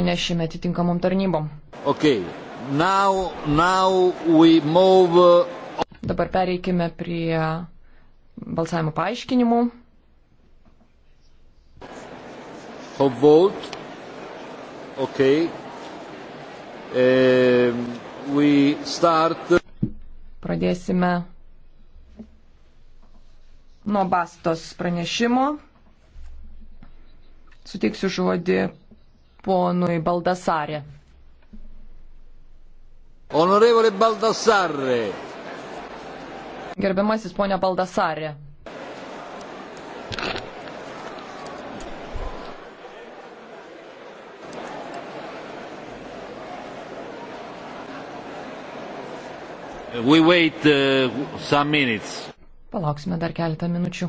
pranešime atitinkamom tarnybom. Okay. Now, now move... Uh, Dabar pereikime prie balsavimo paaiškinimų. Okay. Uh, start... Pradėsime nuo bastos pranešimo. Suteiksiu žodį ponui Baldasarė. Honorevole Baldasarė. Gerbiamasis ponia Baldasarė. We wait uh, some minutes. Palauksime dar keletą minučių.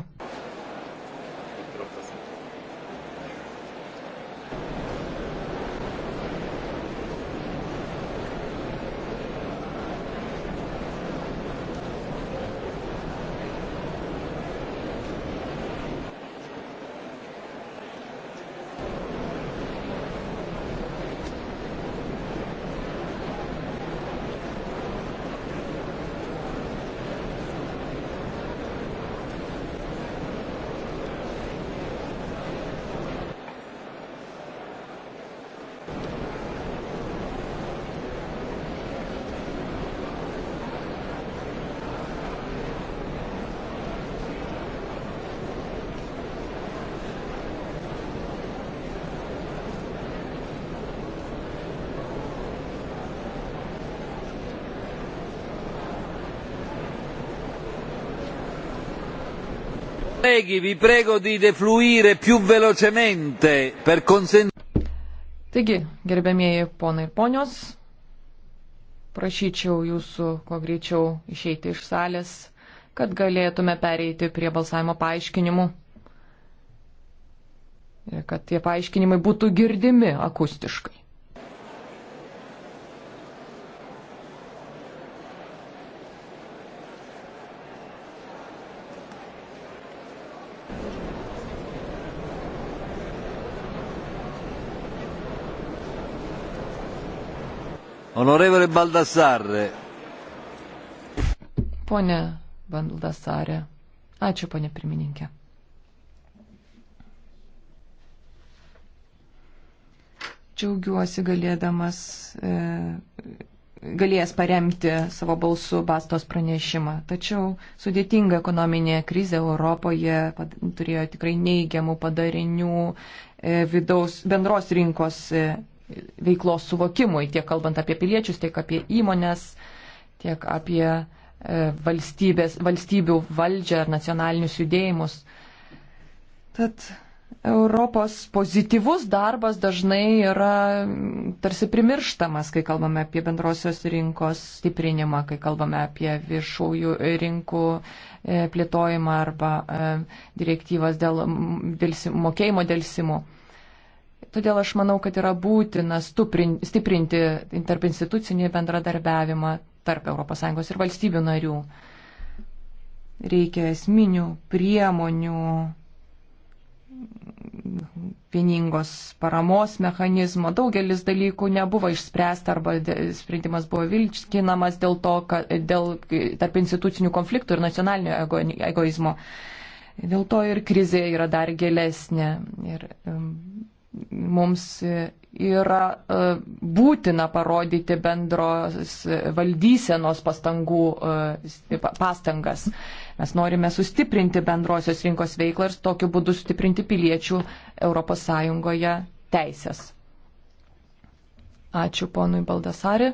Colleghi, vi prego di defluire più velocemente per consentire. Taigi, gerbėmieji ponai ir ponios, prašyčiau jūsų kuo greičiau išeiti iš salės, kad galėtume pereiti prie balsavimo paaiškinimų. Ir kad tie paaiškinimai būtų girdimi akustiškai. Honorevole Baldassarre. Pone Baldassarre. Ačiū, ponė pirmininkė. Džiaugiuosi galėdamas, e, galėjęs paremti savo balsų bastos pranešimą. Tačiau sudėtinga ekonominė krizė Europoje pad, turėjo tikrai neigiamų padarinių e, vidaus, bendros rinkos e, veiklos suvokimui, tiek kalbant apie piliečius, tiek apie įmonės, tiek apie e, valstybių valdžią ar nacionalinius judėjimus. Tad Europos pozityvus darbas dažnai yra tarsi primirštamas, kai kalbame apie bendrosios rinkos stiprinimą, kai kalbame apie viešųjų rinkų e, plėtojimą arba e, direktyvas dėl, dėl mokėjimo dėlsimų. Dėl Todėl aš manau, kad yra būtina stiprinti interpinstitucinį bendradarbiavimą tarp ES ir valstybių narių. Reikia esminių priemonių, vieningos paramos mechanizmo. Daugelis dalykų nebuvo išspręsta arba sprendimas buvo vilčkinamas dėl to, kad dėl tarp institucinių konfliktų ir nacionalinio ego, egoizmo. Dėl to ir krizė yra dar gilesnė. Ir, um, mums yra e, būtina parodyti bendros valdysenos pastangų, e, pastangas. Mes norime sustiprinti bendrosios rinkos veiklą ir tokiu būdu sustiprinti piliečių ES teisės. Ačiū ponui Baldasari.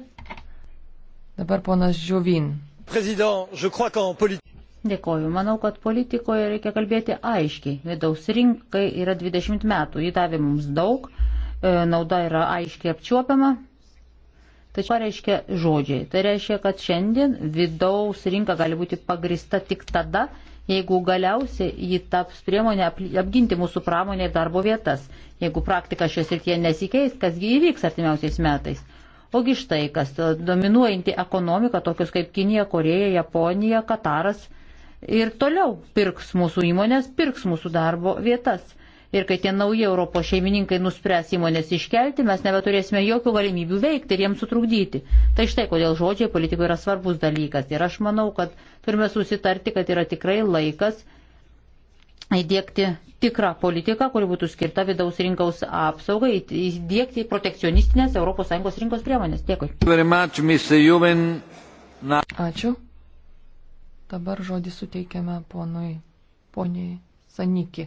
Dabar ponas Žuvin. Prezident, je crois qu'en politique. Dėkoju. Manau, kad politikoje reikia kalbėti aiškiai. Vidaus rinkai yra 20 metų. Ji davė mums daug, e, nauda yra aiškiai apčiuopiama. Tačiau ką reiškia žodžiai? Tai reiškia, kad šiandien vidaus rinka gali būti pagrista tik tada, jeigu galiausiai ji taps priemonė apginti mūsų pramonę ir darbo vietas. Jeigu praktika šios srityje nesikeis, kasgi įvyks artimiausiais metais? Ogi štai kas, dominuojanti ekonomika, tokius kaip Kinija, Koreja, Japonija, Kataras ir toliau pirks mūsų įmonės, pirks mūsų darbo vietas. Ir kai tie nauji Europos šeimininkai nuspręs įmonės iškelti, mes nebeturėsime jokių galimybių veikti ir jiems sutrukdyti. Tai štai kodėl žodžiai politikoje yra svarbus dalykas. Ir aš manau, kad turime susitarti, kad yra tikrai laikas įdėkti tikrą politiką, kuri būtų skirta vidaus rinkos apsaugai, įdėkti protekcionistinės ES rinkos priemonės. Dėkui. Ačiū. Dabar žodį suteikiame ponui, poniai Saniki.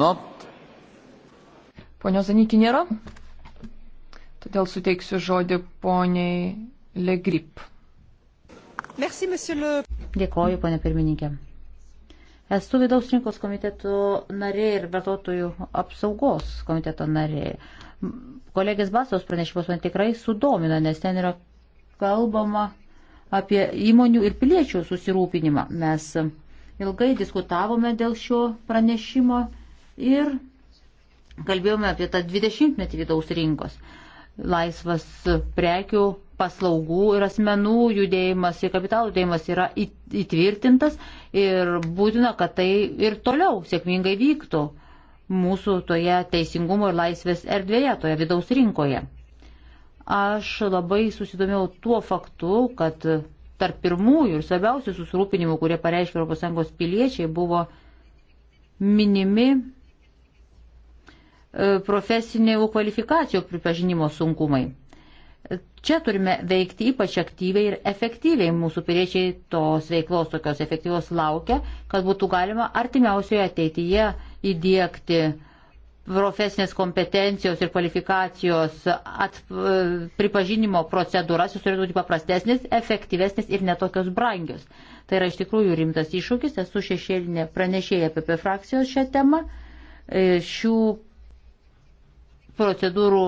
Not... Ponio Zaniki nėra, todėl suteiksiu žodį poniai Legrip. Merci, le... Dėkoju, ponė pirmininkė. Esu vidaus rinkos komitetų narė ir vartotojų apsaugos komiteto narė. Kolegės Basos pranešimas man tikrai sudomina, nes ten yra kalbama apie įmonių ir piliečių susirūpinimą. Mes ilgai diskutavome dėl šio pranešimo ir kalbėjome apie tą 20-metį vidaus rinkos. Laisvas prekių, paslaugų ir asmenų judėjimas ir kapitalų judėjimas yra įtvirtintas ir būtina, kad tai ir toliau sėkmingai vyktų mūsų toje teisingumo ir laisvės erdvėje, toje vidaus rinkoje. Aš labai susidomėjau tuo faktu, kad tarp pirmųjų ir svarbiausių susirūpinimų, kurie pareiškė ES piliečiai, buvo minimi e, profesinių kvalifikacijų pripažinimo sunkumai. Čia turime veikti ypač aktyviai ir efektyviai. Mūsų piliečiai tos veiklos tokios efektyvios laukia, kad būtų galima artimiausioje ateityje įdėkti uh, profesinės kompetencijos ir kvalifikacijos at, e, pripažinimo procedūras, jos turėtų būti paprastesnės, efektyvesnės ir netokios brangios. Tai yra iš tikrųjų rimtas iššūkis, esu šešėlinė pranešėja apie frakcijos šią temą. E, šių procedūrų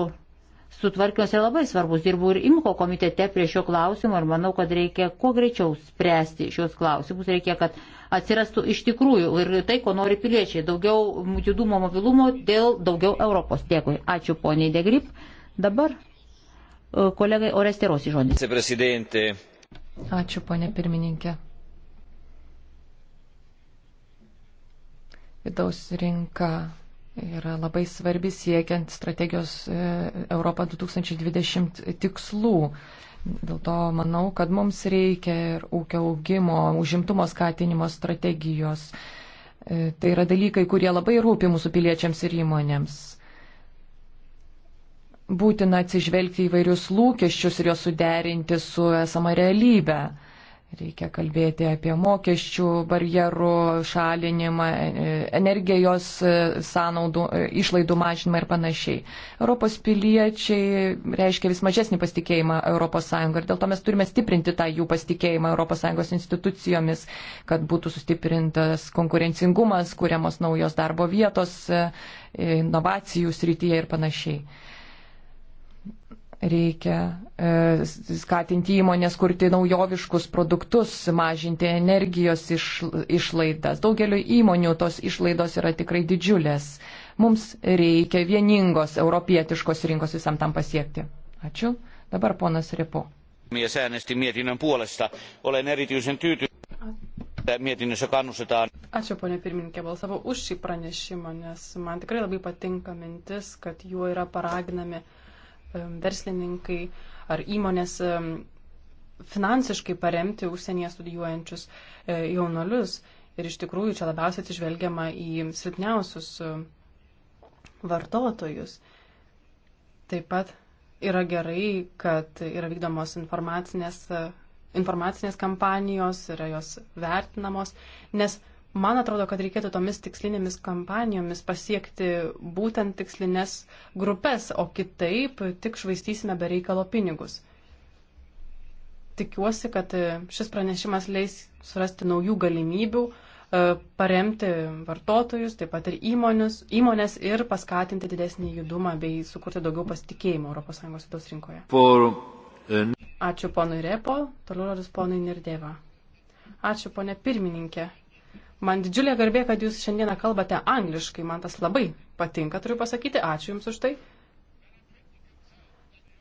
sutvarkymas yra labai svarbus. Dirbu ir IMKO komitete prie šio klausimo ir manau, kad reikia kuo greičiau spręsti šios klausimus. Reikia, kad atsirastų iš tikrųjų ir tai, ko nori piliečiai. Daugiau judumo mobilumo dėl daugiau Europos. Dėkui. Ačiū poniai Degrip. Dabar e, kolegai Oresterosi žodis. Ačiū ponė pirmininkė. Vidaus rinka yra labai svarbi siekiant strategijos e, Europą 2020 tikslų. Dėl to manau, kad mums reikia ir ūkio augimo, užimtumo skatinimo strategijos. E, tai yra dalykai, kurie labai rūpi mūsų piliečiams ir įmonėms. Būtina atsižvelgti į vairius lūkesčius ir juos suderinti su esama realybė. Reikia kalbėti apie mokesčių barjerų šalinimą, e, energijos e, sąnaudų, e, išlaidų mažinimą ir panašiai. Europos piliečiai reiškia vis mažesnį pasitikėjimą ES ir dėl to mes turime stiprinti tą jų pasitikėjimą ES institucijomis, kad būtų sustiprintas konkurencingumas, kuriamos naujos darbo vietos, inovacijų srityje ir panašiai. Reikia e, skatinti įmonės kurti naujoviškus produktus, mažinti energijos iš, išlaidas. Daugeliu įmonių tos išlaidos yra tikrai didžiulės. Mums reikia vieningos europietiškos rinkos visam tam pasiekti. Ačiū. Dabar ponas Repo. Mies äänesti mietinnön puolesta. Olen erityisen tyytyväinen mietinnössä kannustetaan. Ačiū, ponė pirmininkė, balsavau už šį pranešimą, nes man tikrai labai patinka mintis, kad juo yra paraginami uh, verslininkai ar įmonės finansiškai paremti užsienyje studijuojančius e, jaunolius. Ir iš tikrųjų čia labiausiai atsižvelgiama į silpniausius vartotojus. Taip pat yra gerai, kad yra vykdomos informacinės, informacinės kampanijos, yra jos vertinamos, nes Man atrodo, kad reikėtų tomis tikslinėmis kampanijomis pasiekti būtent tikslinės grupės, o kitaip tik švaistysime be reikalo pinigus. Tikiuosi, kad e, šis pranešimas leis surasti naujų galimybių, e, paremti vartotojus, taip pat ir įmonius, įmonės ir paskatinti didesnį judumą bei sukurti daugiau pasitikėjimo ES vidaus rinkoje. For... E, Ačiū ponui Repo, toliau rodus ponui Nirdėva. Ačiū ponė pirmininkė. Man didžiulė garbė, kad jūs šiandieną kalbate angliškai, man tas labai patinka, turiu pasakyti, ačiū Jums už tai.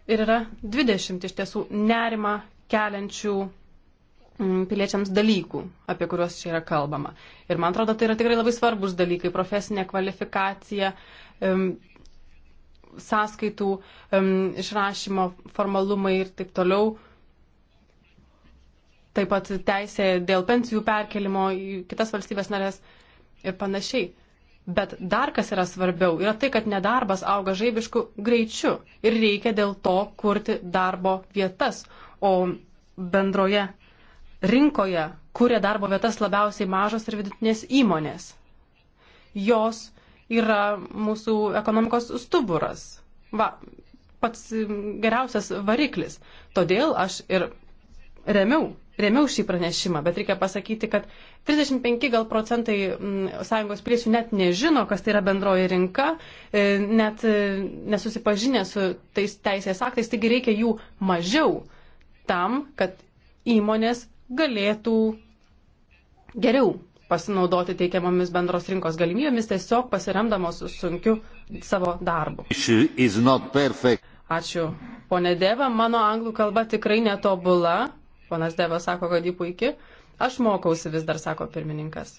Ir yra 20 iš tiesų nerima keliančių mm, piliečiams dalykų, apie kuriuos čia yra kalbama. Ir man atrodo, tai yra tikrai labai svarbus dalykai - profesinė kvalifikacija, sąskaitų išrašymo formalumai ir taip toliau taip pat teisė dėl pensijų perkelimo į kitas valstybės narės ir panašiai. Bet dar kas yra svarbiau, yra tai, kad nedarbas auga žaibišku greičiu ir reikia dėl to kurti darbo vietas, o bendroje rinkoje kuria darbo vietas labiausiai mažos ir vidutinės įmonės. Jos yra mūsų ekonomikos stuburas. Va, pats geriausias variklis. Todėl aš ir remiau remiau šį pranešimą, bet reikia pasakyti, kad 35 gal procentai mm, sąjungos piliečių net nežino, kas tai yra bendroji rinka, e, net e, nesusipažinę su tais teisės aktais, taigi reikia jų mažiau tam, kad įmonės galėtų geriau pasinaudoti teikiamomis bendros rinkos galimybėmis, tiesiog pasiremdamos sunkiu savo darbu. Ačiū, ponė Deva, mano anglų kalba tikrai netobula, Ponas Deva sako, kad jį puikiai. Aš mokausi vis dar, sako pirmininkas.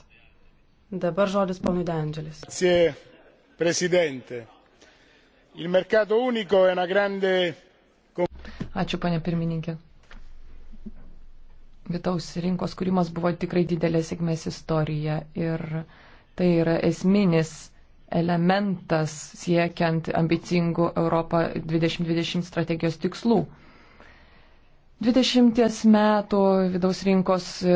Dabar žodis ponui Dangelis. Sie, prezidente. Il mercato unico è una grande. Ačiū, ponė pirmininkė. Vidaus rinkos kūrimas buvo tikrai didelė sėkmės istorija ir tai yra esminis elementas siekiant ambicingų Europą 2020 strategijos tikslų. 20 metų vidaus rinkos e,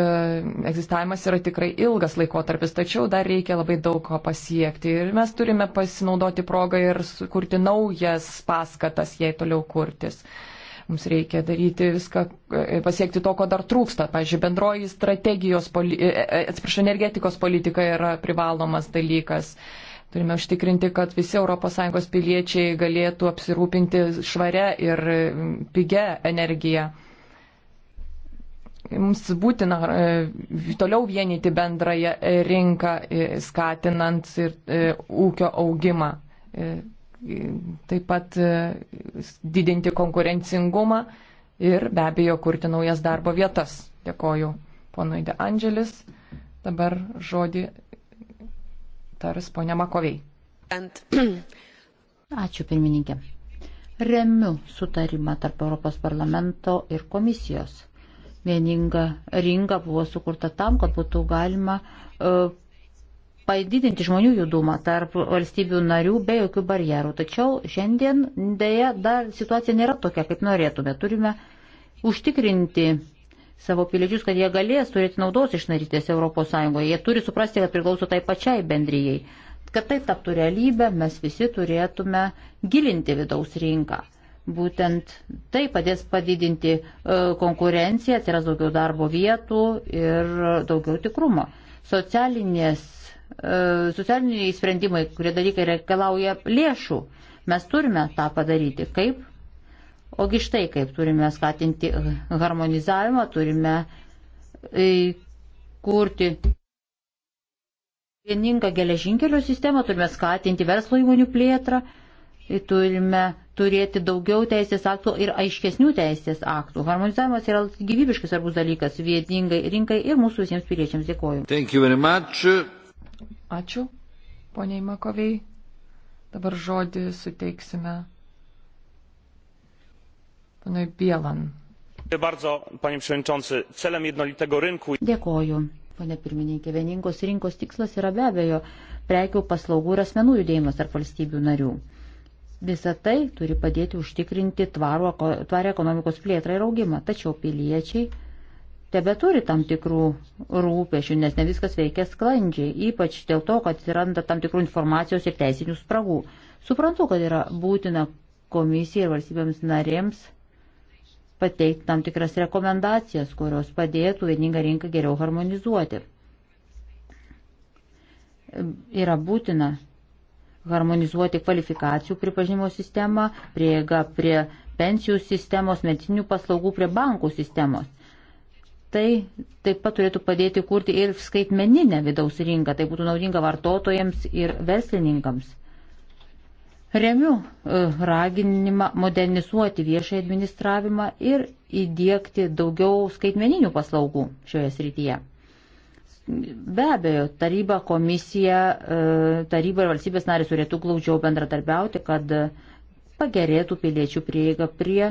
egzistavimas yra tikrai ilgas laikotarpis, tačiau dar reikia labai daug ko pasiekti. Ir mes turime pasinaudoti progą ir sukurti naujas paskatas, jei toliau kurtis. Mums reikia daryti viską, e, pasiekti to, ko dar trūksta. Pavyzdžiui, bendroji strategijos, e, atsiprašau, energetikos politika yra privalomas dalykas. Turime užtikrinti, kad visi ES piliečiai galėtų apsirūpinti švare ir pigia energija mums būtina e, toliau vienyti bendrąją e, rinką, e, skatinant ir ūkio augimą, taip pat didinti konkurencingumą ir be abejo kurti naujas darbo vietas. Dėkoju ponui De Angelis. Dabar žodį tars ponia Makoviai. Ačiū pirmininkė. Remiu sutarimą tarp Europos parlamento ir komisijos Vieninga rinka buvo sukurta tam, kad būtų galima e, padidinti žmonių judumą tarp valstybių narių be jokių barjerų. Tačiau šiandien dėja dar situacija nėra tokia, kaip norėtume. Turime užtikrinti savo piliečius, kad jie galės turėti naudos iš narytės ES. Jie turi suprasti, kad priklauso tai pačiai bendryjei. Kad tai taptų realybę, mes visi turėtume gilinti vidaus rinką. Būtent tai padės padidinti e, konkurenciją, atsiras daugiau darbo vietų ir daugiau tikrumo. Socialinės, e, socialiniai sprendimai, kurie dalykai reikalauja lėšų, mes turime tą padaryti. Kaip? Ogi štai kaip turime skatinti harmonizavimą, turime e, kurti vieningą geležinkelio sistemą, turime skatinti verslo įmonių plėtrą turime turėti daugiau teisės aktų ir aiškesnių teisės aktų. Harmonizavimas yra gyvybiškai svarbus dalykas vieningai rinkai ir mūsų visiems piliečiams. Dėkoju. Ačiū, poniai Makoviai. Dabar žodį suteiksime panui Bielan. Dėkoju. Pane pirmininkė, vieningos rinkos tikslas yra be abejo prekių, paslaugų ir asmenų judėjimas tarp valstybių narių. Visą tai turi padėti užtikrinti tvarų, tvarę ekonomikos plėtrą ir augimą. Tačiau piliečiai tebe turi tam tikrų rūpešių, nes ne viskas veikia sklandžiai, ypač dėl to, kad atsiranda tam tikrų informacijos ir teisinių spragų. Suprantu, kad yra būtina komisijai ir valstybėms narėms pateikti tam tikras rekomendacijas, kurios padėtų vieningą rinką geriau harmonizuoti. Yra būtina harmonizuoti kvalifikacijų pripažinimo sistemą, prieiga prie pensijų sistemos, medicinių paslaugų, prie bankų sistemos. Tai taip pat turėtų padėti kurti ir skaitmeninę vidaus rinką, tai būtų naudinga vartotojams ir verslininkams. Remiu e, raginimą modernizuoti viešai administravimą ir įdėkti daugiau skaitmeninių paslaugų šioje srityje. Be abejo, taryba, komisija, e, taryba ir valstybės narės turėtų glaudžiau bendradarbiauti, kad pagerėtų piliečių prieiga prie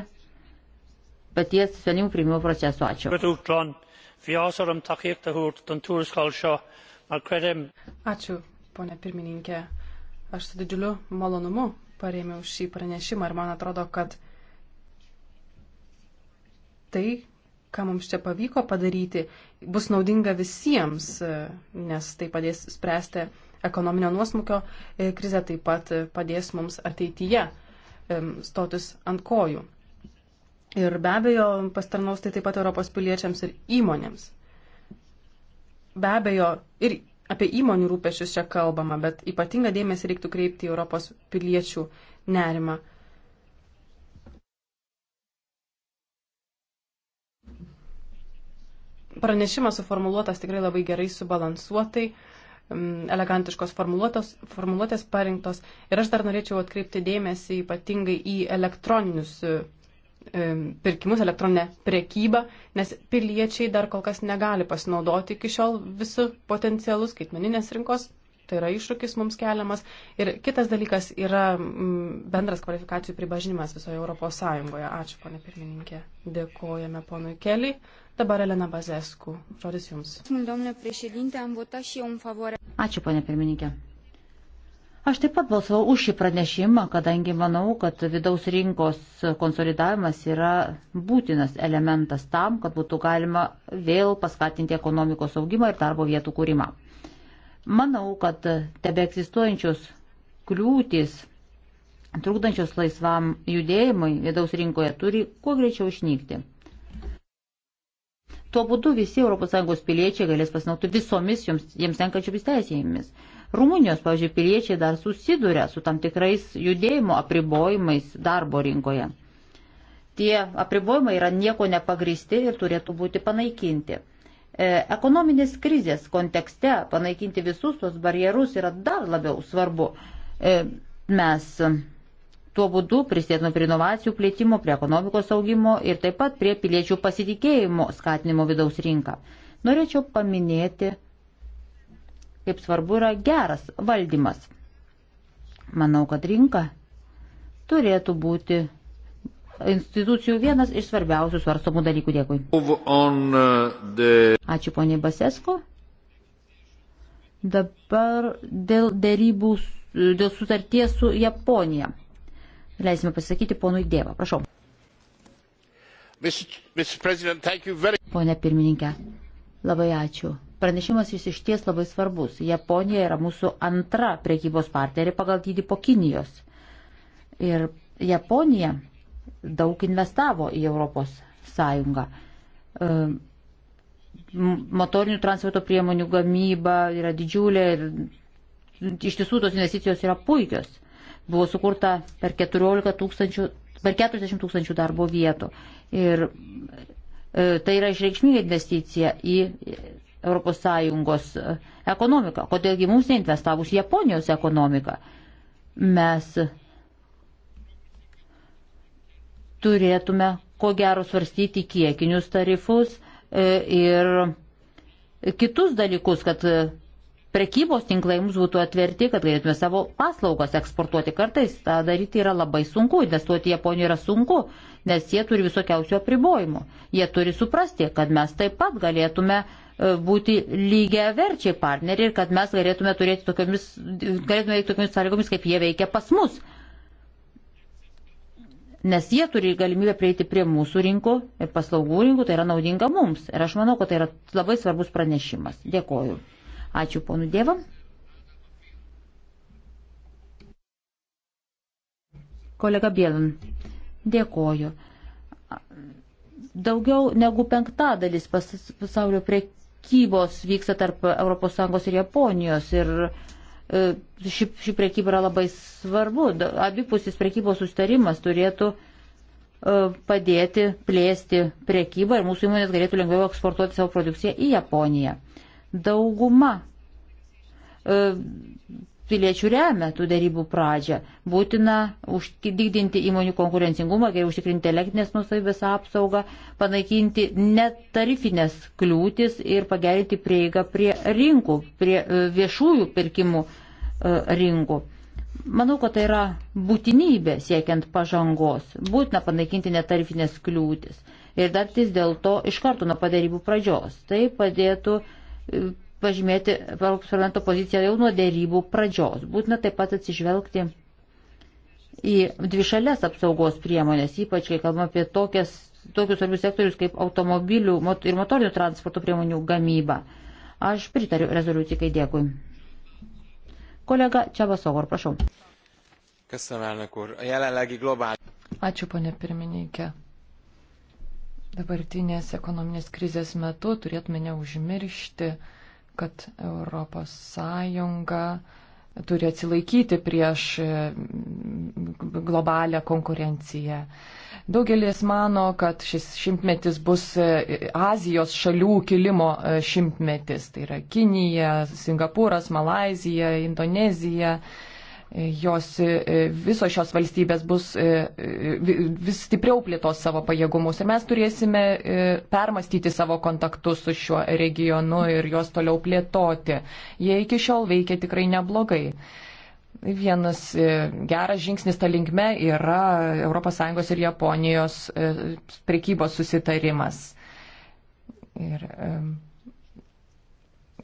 paties sprendimų priimimo proceso. Ačiū. Ačiū, ponė pirmininkė. Aš su didžiuliu malonumu parėmiau šį pranešimą ir man atrodo, kad tai ką mums čia pavyko padaryti, bus naudinga visiems, e, nes tai padės spręsti ekonominio nuosmukio e, krizę, taip pat e, padės mums ateityje stotis ant kojų. Ir be abejo, pastarnaus tai taip pat Europos piliečiams ir įmonėms. Be abejo, ir apie įmonių rūpešius čia kalbama, bet ypatingą dėmesį reiktų kreipti į Europos piliečių nerimą pranešimas suformuluotas tikrai labai gerai subalansuotai, mm, elegantiškos formuluotės parinktos. Ir aš dar norėčiau atkreipti dėmesį ypatingai į elektroninius e, e, pirkimus, elektroninę priekybą, nes piliečiai dar kol kas negali pasinaudoti iki šiol visų potencialų skaitmeninės rinkos tai yra iššūkis mums keliamas. Ir kitas dalykas yra mm, bendras kvalifikacijų pripažinimas visoje Europos Sąjungoje. Ačiū, ponė pirmininkė. Dėkojame ponui Keliui. Dabar Elena Bazescu. Žodis jums. Ačiū, ponė pirmininkė. Aš taip pat balsavau už šį pranešimą, kadangi manau, kad vidaus rinkos konsolidavimas yra būtinas elementas tam, kad būtų galima vėl paskatinti ekonomikos augimą ir darbo vietų kūrimą. Manau, kad tebe egzistuojančios kliūtis, trukdančios laisvam judėjimui vidaus rinkoje, turi kuo greičiau išnykti. Tuo būdu visi ES piliečiai galės pasinaudoti visomis jums, jiems tenkačiomis teisėjimis. Rumunijos, pavyzdžiui, piliečiai dar susiduria su tam tikrais judėjimo apribojimais darbo rinkoje. Tie apribojimai yra nieko nepagristi ir turėtų būti panaikinti. E, ekonominės krizės kontekste panaikinti visus tos barjerus yra dar labiau svarbu. E, mes tuo būdu prisėtume prie inovacijų plėtimo, prie ekonomikos augimo ir taip pat prie piliečių pasitikėjimo skatinimo vidaus rinką. Norėčiau paminėti, kaip svarbu yra geras valdymas. Manau, kad rinka turėtų būti institucijų vienas iš svarbiausių svarstomų dalykų. Dėkui. Uh, ačiū poniai Basesko. Dabar dėl dėrybų, dėl sutarties su Japonija. Leisime pasakyti ponui Dėvą. Prašau. Pone pirmininkė, labai ačiū. Pranešimas jis iš ties labai svarbus. Japonija yra mūsų antra priekybos partnerė pagal dydį po Kinijos. Ir Japonija daug investavo į Europos Sąjungą. Motorinių transporto priemonių gamyba yra didžiulė ir iš tiesų tos investicijos yra puikios. Buvo sukurta per 14 tūkstančių, per 40 tūkstančių darbo vietų. Ir e, tai yra išreikšminga investicija į ES e, ekonomiką. Kodėlgi mums neinvestavus Japonijos ekonomiką? Mes turėtume ko gero svarstyti kiekinius tarifus e, ir kitus dalykus, kad e, prekybos tinklai mums būtų atverti, kad galėtume savo paslaugas eksportuoti. Kartais tą daryti yra labai sunku, investuoti Japonijoje yra sunku, nes jie turi visokiausių apribojimų. Jie turi suprasti, kad mes taip pat galėtume e, būti lygiai verčiai partneriai ir kad mes galėtume turėti tokiamis, galėtume tokiamis sąlygomis, kaip jie veikia pas mus nes jie turi galimybę prieiti prie mūsų rinkų ir paslaugų rinkų, tai yra naudinga mums. Ir aš manau, kad tai yra labai svarbus pranešimas. Dėkoju. Ačiū ponų dievam. Kolega Bėlin, dėkoju. Daugiau negu penktadalis pasaulio prekybos vyksta tarp ES ir Japonijos. Ir E, ši, ši priekyba yra labai svarbu. Abipusis priekybos sustarimas turėtų e, padėti plėsti priekybą ir mūsų įmonės galėtų lengviau eksportuoti savo produkciją į Japoniją. Dauguma e, piliečių remia tų darybų pradžią. Būtina uždidinti įmonių konkurencingumą, geriau užtikrinti elektinės nusavybės apsaugą, panaikinti netarifinės kliūtis ir pagerinti prieigą prie rinkų, prie e, viešųjų pirkimų e, rinkų. Manau, kad tai yra būtinybė siekiant pažangos. Būtina panaikinti netarifinės kliūtis ir dartis dėl to iš karto nuo padarybų pradžios. Tai padėtų e, pažymėti Europos parlamento poziciją jau nuo dėrybų pradžios. Būtina taip pat atsižvelgti į dvišalės apsaugos priemonės, ypač kai kalbame apie tokias, tokius svarbius sektorius kaip automobilių ir motorinių transporto priemonių gamyba. Aš pritariu rezoliucijai, dėkui. Kolega Čiabasogor, prašau. Ačiū, ponė pirmininkė. Dabartinės ekonominės krizės metu turėtume neužmiršti, kad ES turi atsilaikyti prieš mm, globalią konkurenciją. Daugelis mano, kad šis šimtmetis bus e, Azijos šalių kilimo e, šimtmetis. Tai yra Kinija, Singapūras, Malazija, Indonezija jos, e, visos šios valstybės bus e, vis stipriau plėtos savo pajėgumus ir mes turėsime e, permastyti savo kontaktus su šiuo regionu ir juos toliau plėtoti. Jie iki šiol veikia tikrai neblogai. Vienas geras žingsnis tą linkme yra ES ir Japonijos prekybos susitarimas. Ir, um,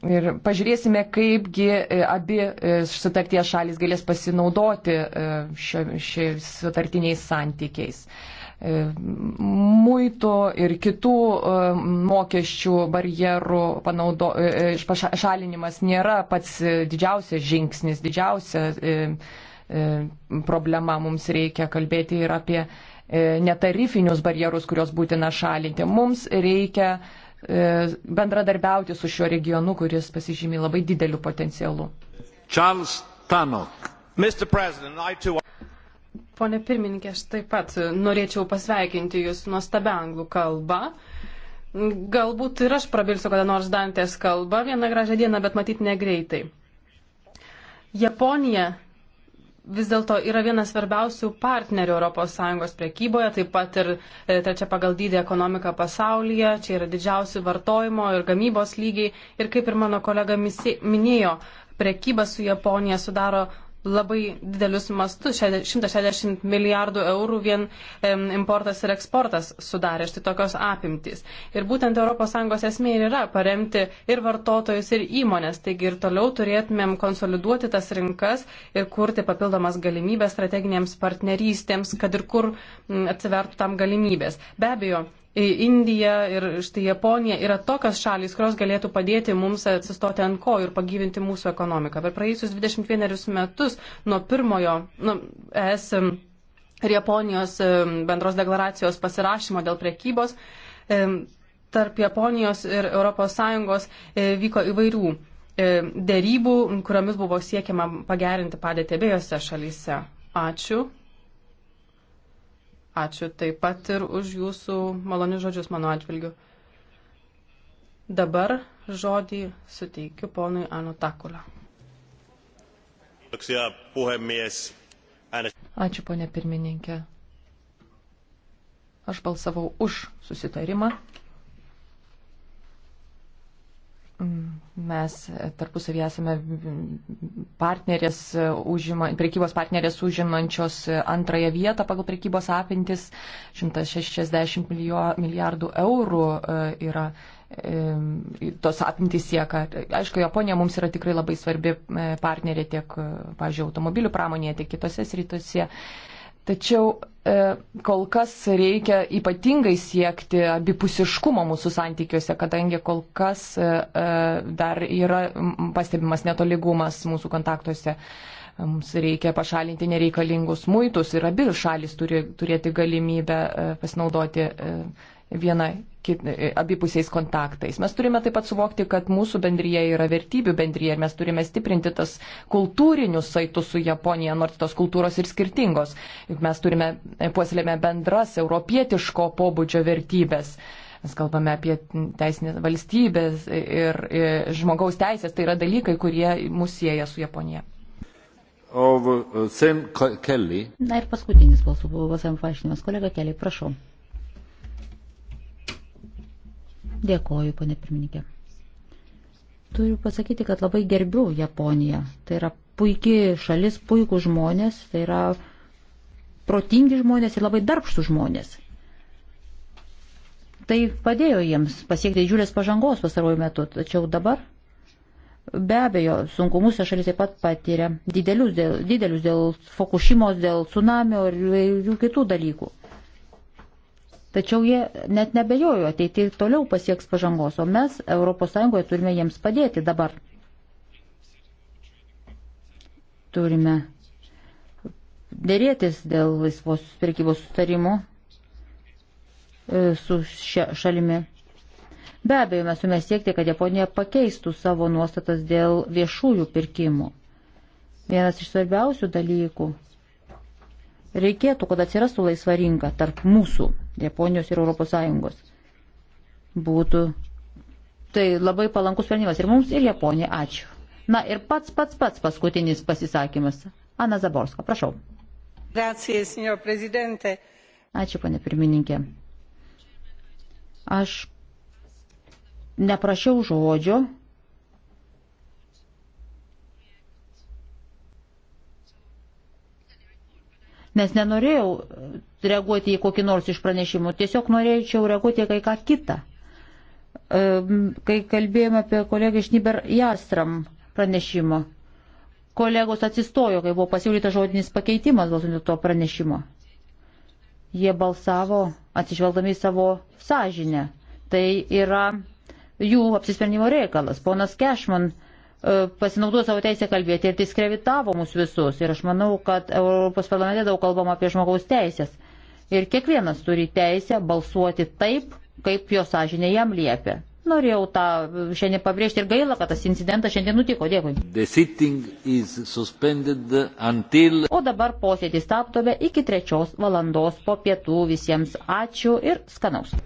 Ir pažiūrėsime, kaipgi e, abi e, sutarties šalis galės pasinaudoti e, šiais sutartiniais santykiais. Muito ir kitų mokesčių barjerų panaudo, šalinimas nėra pats didžiausias žingsnis, didžiausia problema. Mums reikia kalbėti ir apie netarifinius barjerus, kuriuos būtina šalinti. Mums reikia E, bendradarbiauti su šiuo regionu, kuris pasižymi labai dideliu potencialu. Charles Tanok. Too... Pone pirmininkė, aš taip pat norėčiau pasveikinti Jūs nuostabią anglų kalbą. Galbūt ir aš prabilsiu kada nors Dantės kalbą vieną gražią dieną, bet matyt negreitai. Japonija vis dėlto yra vienas svarbiausių partnerių ES prekyboje, taip pat ir e, trečia pagal dydį ekonomika pasaulyje, čia yra didžiausi vartojimo ir gamybos lygiai ir kaip ir mano kolega minėjo, prekyba su Japonija sudaro labai didelius mastus, 160 milijardų eurų vien importas ir eksportas sudarė štai tokios apimtys. Ir būtent ES esmė ir yra paremti ir vartotojus, ir įmonės. Taigi ir toliau turėtumėm konsoliduoti tas rinkas ir kurti papildomas galimybės strateginėms partnerystėms, kad ir kur atsivertų tam galimybės. Be abejo, Indija ir štai Japonija yra tokios šalys, kurios galėtų padėti mums atsistoti ant kojų ir pagyvinti mūsų ekonomiką. Per praėjusius 21 metus nuo pirmojo nu, ES ir Japonijos bendros deklaracijos pasirašymo dėl priekybos tarp Japonijos ir ES e, vyko įvairių e, dėrybų, kuriomis buvo siekiama pagerinti padėtį abiejose šalyse. Ačiū. Ačiū taip pat ir už jūsų malonius žodžius mano atžvilgiu. Dabar žodį suteikiu ponui Anu Takulą. Ačiū, ponė pirmininkė. Aš balsavau už susitarimą Mes tarpusavį esame partnerės, užima, prekybos partnerės užimančios antrąją vietą pagal prekybos apimtis. 160 milijardų eurų e, yra e, tos apimtys sieka. Aišku, Japonija mums yra tikrai labai svarbi e, partnerė tiek, pažiūrėjau, automobilių pramonėje, tiek kitose srityse. Tačiau e, kol kas reikia ypatingai siekti abipusiškumo mūsų santykiuose, kadangi kol kas e, e, dar yra pastebimas netoligumas mūsų kontaktuose. Mums reikia pašalinti nereikalingus muitus ir abi šalis turi turėti galimybę pasinaudoti viena kit, e, abipusiais kontaktais. Mes turime taip pat suvokti, kad mūsų bendryje yra vertybių bendryje ir mes turime stiprinti tas kultūrinius saitus su Japonija, nors tos kultūros ir skirtingos. Mes turime e, puoselėme bendras europietiško pobūdžio vertybės. Mes kalbame apie teisinės valstybės ir, ir e, žmogaus teisės. Tai yra dalykai, kurie mus sieja su Japonija. Uh, Na ir paskutinis balsų buvo balsavimas paaiškinimas. Kolega Keliai, prašau. Dėkoju, ponė pirmininkė. Turiu pasakyti, kad labai gerbiu Japoniją. Tai yra puikiai šalis, puikų žmonės, tai yra protingi žmonės ir labai darbštų žmonės. Tai padėjo jiems pasiekti didžiulės pažangos pastaruoju metu, tačiau dabar be abejo sunkumus ta šalis taip pat patiria didelius dėl, didelius dėl Fukushimos, dėl tsunamio ir jų kitų dalykų. Tačiau jie net nebejojo ateiti ir toliau pasieks pažangos, o mes ES turime jiems padėti dabar. Turime dėrėtis dėl laisvos prekybos sustarimų e, su šia šalimi. Be abejo, mes turime siekti, kad Japonija pakeistų savo nuostatas dėl viešųjų pirkimų. Vienas iš svarbiausių dalykų. Reikėtų, kad atsirastų laisva rinka tarp mūsų Japonijos ir ES. Būtų tai labai palankus sprendimas ir mums, ir Japonijai. Ačiū. Na ir pats pats pats paskutinis pasisakymas. Ana Zaborska, prašau. Grazie, signor prezidente. Ačiū, ponė pirmininkė. Aš neprašiau žodžio, nes nenorėjau e, reaguoti į kokį nors iš pranešimų, tiesiog norėčiau reaguoti į kai ką kitą. E, kai kalbėjome apie kolegą Šniber Jastram pranešimo, kolegos atsistojo, kai buvo pasiūlyta žodinis pakeitimas dėl to pranešimo. Jie balsavo atsižvelgdami į savo sąžinę. Tai yra jų apsisprendimo reikalas. Ponas Kešman uh, E, pasinaudojo savo teisę kalbėti ir diskreditavo mus visus. Ir aš manau, kad Europos parlamente daug kalbama apie žmogaus teisės. Ir kiekvienas turi teisę balsuoti taip, kaip jo sąžinė jam liepia. Norėjau tą šiandien pabrėžti ir gaila, kad tas incidentas šiandien nutiko. Dėkui. Until... O dabar posėdį stabdome iki trečios valandos po pietų visiems. Ačiū ir skanaus.